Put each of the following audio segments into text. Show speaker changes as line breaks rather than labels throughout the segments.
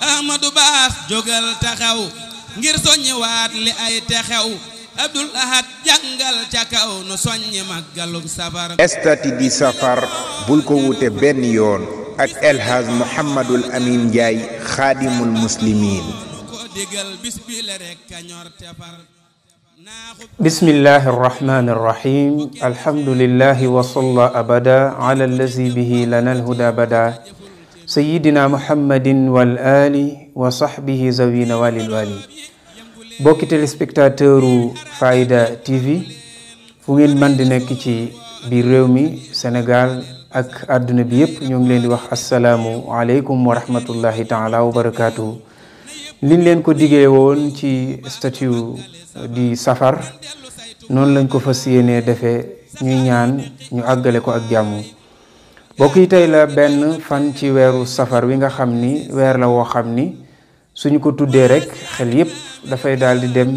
ahmadu baas jógal taxaw ngir soññi waat li ay texew abdul ahad jàngal ca kaw soññi màggalug safar estati di safar bul ko wute benn yoon ak elhaj muhammadul amin njaay xaadimul muslimiin bismillahi arrahmani arrahim alhamdulillahi wa salla abada ala allazi bihi lana alhuda bada sayidina muhammadin wal ali wa sahbihi zawina walil wali bokki téléspectateur u Faaida TV fu ngeen mën di nekk ci biir réew mi Sénégal ak àdduna bi yëpp ñoo ngi leen di wax asalaamu aleykum wa rahmatullahi taala wa barakaatuhu liñ leen ko digee woon ci statut di safar noonu lañ ko fa yéenee defee ñuy ñaan ñu àggale ko ak jàmm mbokk yi tey la benn fan ci weeru safar wi nga xam ni weer la woo xam ni suñu ko tuddee rek xel yépp dafay daal di dem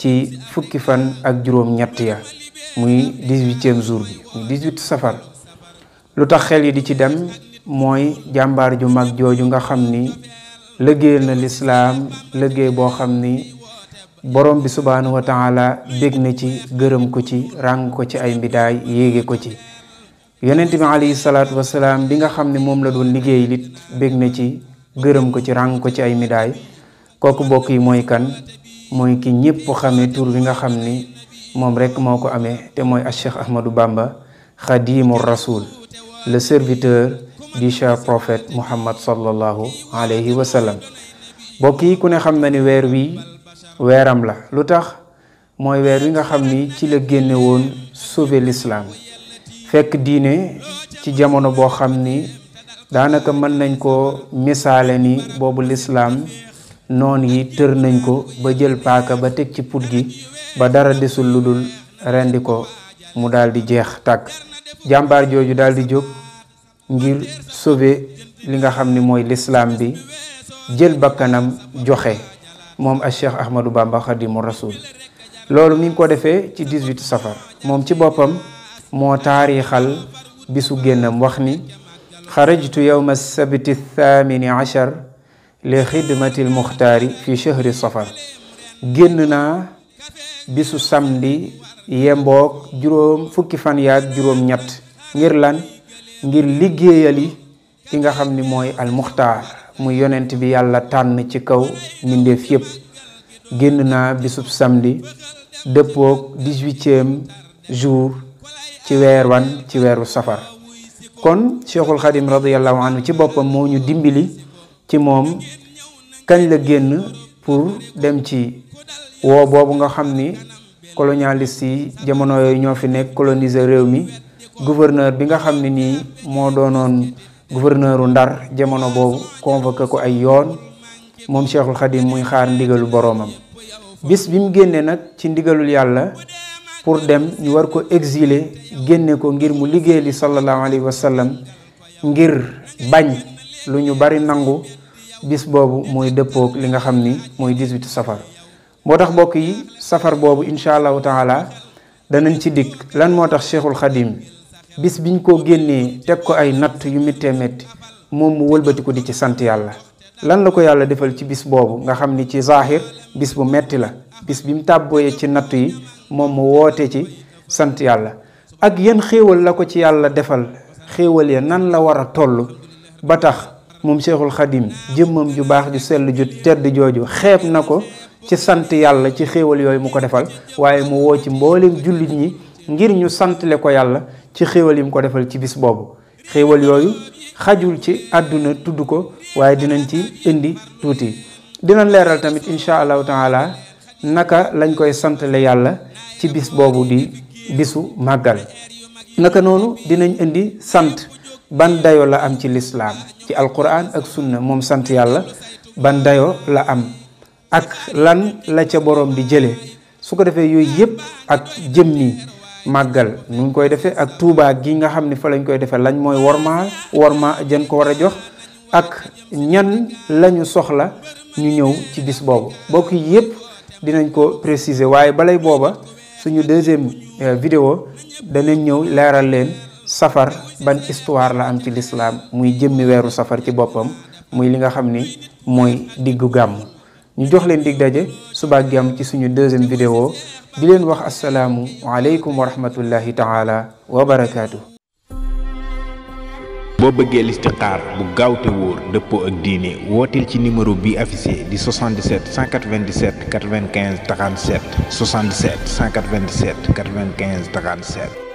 ci fukki fan ak juróom ñett ya muy dix-huitième jour bi muy dix safar lu tax xel yi di ci dem mooy jàmbaar ju mag jooju nga xam ni liggéeyal na lislaam liggéey boo xam ni borom bi subhaanahu wa taala bég na ci gërëm ko ci ràng ko ci ay mbidaay yéege ko ci yonent bi alayhi salaatu wasalaam bi nga xam ne moom la doon liggéey lit bég na ci gërëm ko ci ràng ko ci ay médaay kooku bokk yi mooy kan mooy ki ñëpp xamee tur bi nga xam ni moom rek moo ko amee te mooy a Cheikh Ahmadou Bamba xadimu rasul le serviteur du cher prophète Muhammad sallallahu alayhi wa sallam bokk yi ku ne xam na ni weer wi weeram la lu tax mooy weer wi nga xam ni ci la génne woon sauver l'islam fekk diine ci jamono boo xam ni daanaka mën nañ koo misaale ni boobu lislaam noon yi tër nañ ko ba jël paaka ba teg ci put gi ba dara desul lu dul rendi ko mu daal di jeex takk jàmbaar jooju daal di jóg ngir sauver li nga xam ni mooy lislaam bi jël bakkanam joxe moom ak Cheikh Ahmadou Bamba Khadimu Rasoul loolu mi ngi ko defee ci 18 safar moom ci boppam moo taarixal bisu génnam wax ni xarajtu yowma sabti thamini achar li xidmati lmuxtaari fi chahri safar génn naa bisu samedi yemboog juróom fukki fan yaag juróom ñett ngir lan ngir liggéeyali ki nga xam ni mooy almuxtaar muy yonent bi yàlla tànn ci kaw mbindeef yépp génn naa bisu samedi dëppoog dix-huitième jour ci weer wan ci weeru safar kon cheikhul xadim radiallahu anhu ci boppam moo ñu dimbali ci moom kañ la génn pour dem ci woo boobu nga xam ni colonialiste yi jamono yooyu ñoo fi nekk coloniser réew mi gouverneur bi nga xam ne nii moo doonoon gouverneuru ndar jamono boobu convoqué ko ay yoon moom cheikhul xadim muy xaar ndigalu boroomam bis bi génnee nag ci ndigalul yàlla pour dem ñu war ko exiler génne ko ngir mu liggéey li sallallahu alayhi wa sallam ngir bañ lu ñu bari nangu bis boobu mooy dëppoog li nga xam ni mooy 18 safar moo tax mbokk yi safar boobu incha allahu taala danañ ci dikk lan moo tax cheikhul xadim bis biñ ko génnee teg ko ay natt yu méttee métti moom mu wëlbati ko di ci sant yàlla lan la ko yàlla defal ci bis boobu nga xam ni ci zahir bis bu metti la bis bi mu tàbbooyee ci natt yi moom mu wootee ci sant yàlla ak yan xéewal la ko ci yàlla defal xéewal ya nan la war a toll ba tax moom Cheikhul Xadim jëmmam ju baax ju sell ju tedd jooju xeeb na ko ci sant yàlla ci xéewal yooyu mu ko defal waaye mu woo ci mbooleem jullit ñi ngir ñu santle ko yàlla ci xéewal yi mu ko defal ci bis boobu xéewal yooyu xajul ci àdduna tudd ko waaye dinañ ci indi tuuti dinañ leeral tamit incha allahu taala naka lañ koy santale yàlla ci bis boobu di bisu màggal naka noonu dinañ indi sant ban dayoo la am ci lislaam ci alquran ak sunna moom sant yàlla ban dayoo la am ak lan la ca boroom di jële su ko defee yooyu yëpp ak jëm nii màggal nu ngi koy defee ak tuubaa gi nga xam ni fa lañ koy defee lañ mooy wormaa wormaa jën ko war a jox ak ñan lañu soxla ñu ñëw ci bis boobu bokk yëpp dinañ ko préciser waaye balay booba suñu deuxième euh, vidéo danañ ñëw laaral leen safar ban histoire la am ci lislaam muy jëmmi weeru safar ci boppam muy li nga xam ni mooy diggu gàmm ñu jox leen dig daje subaak jàmm ci suñu deuxième vidéo di leen wax asalaamu aleykum wa rahmatullahi taala wa boo bëggee listixaar bu gaaw te wóor dëppoo ak diine wooteel ci numéro bi affiché di 77 197 95 37 77 197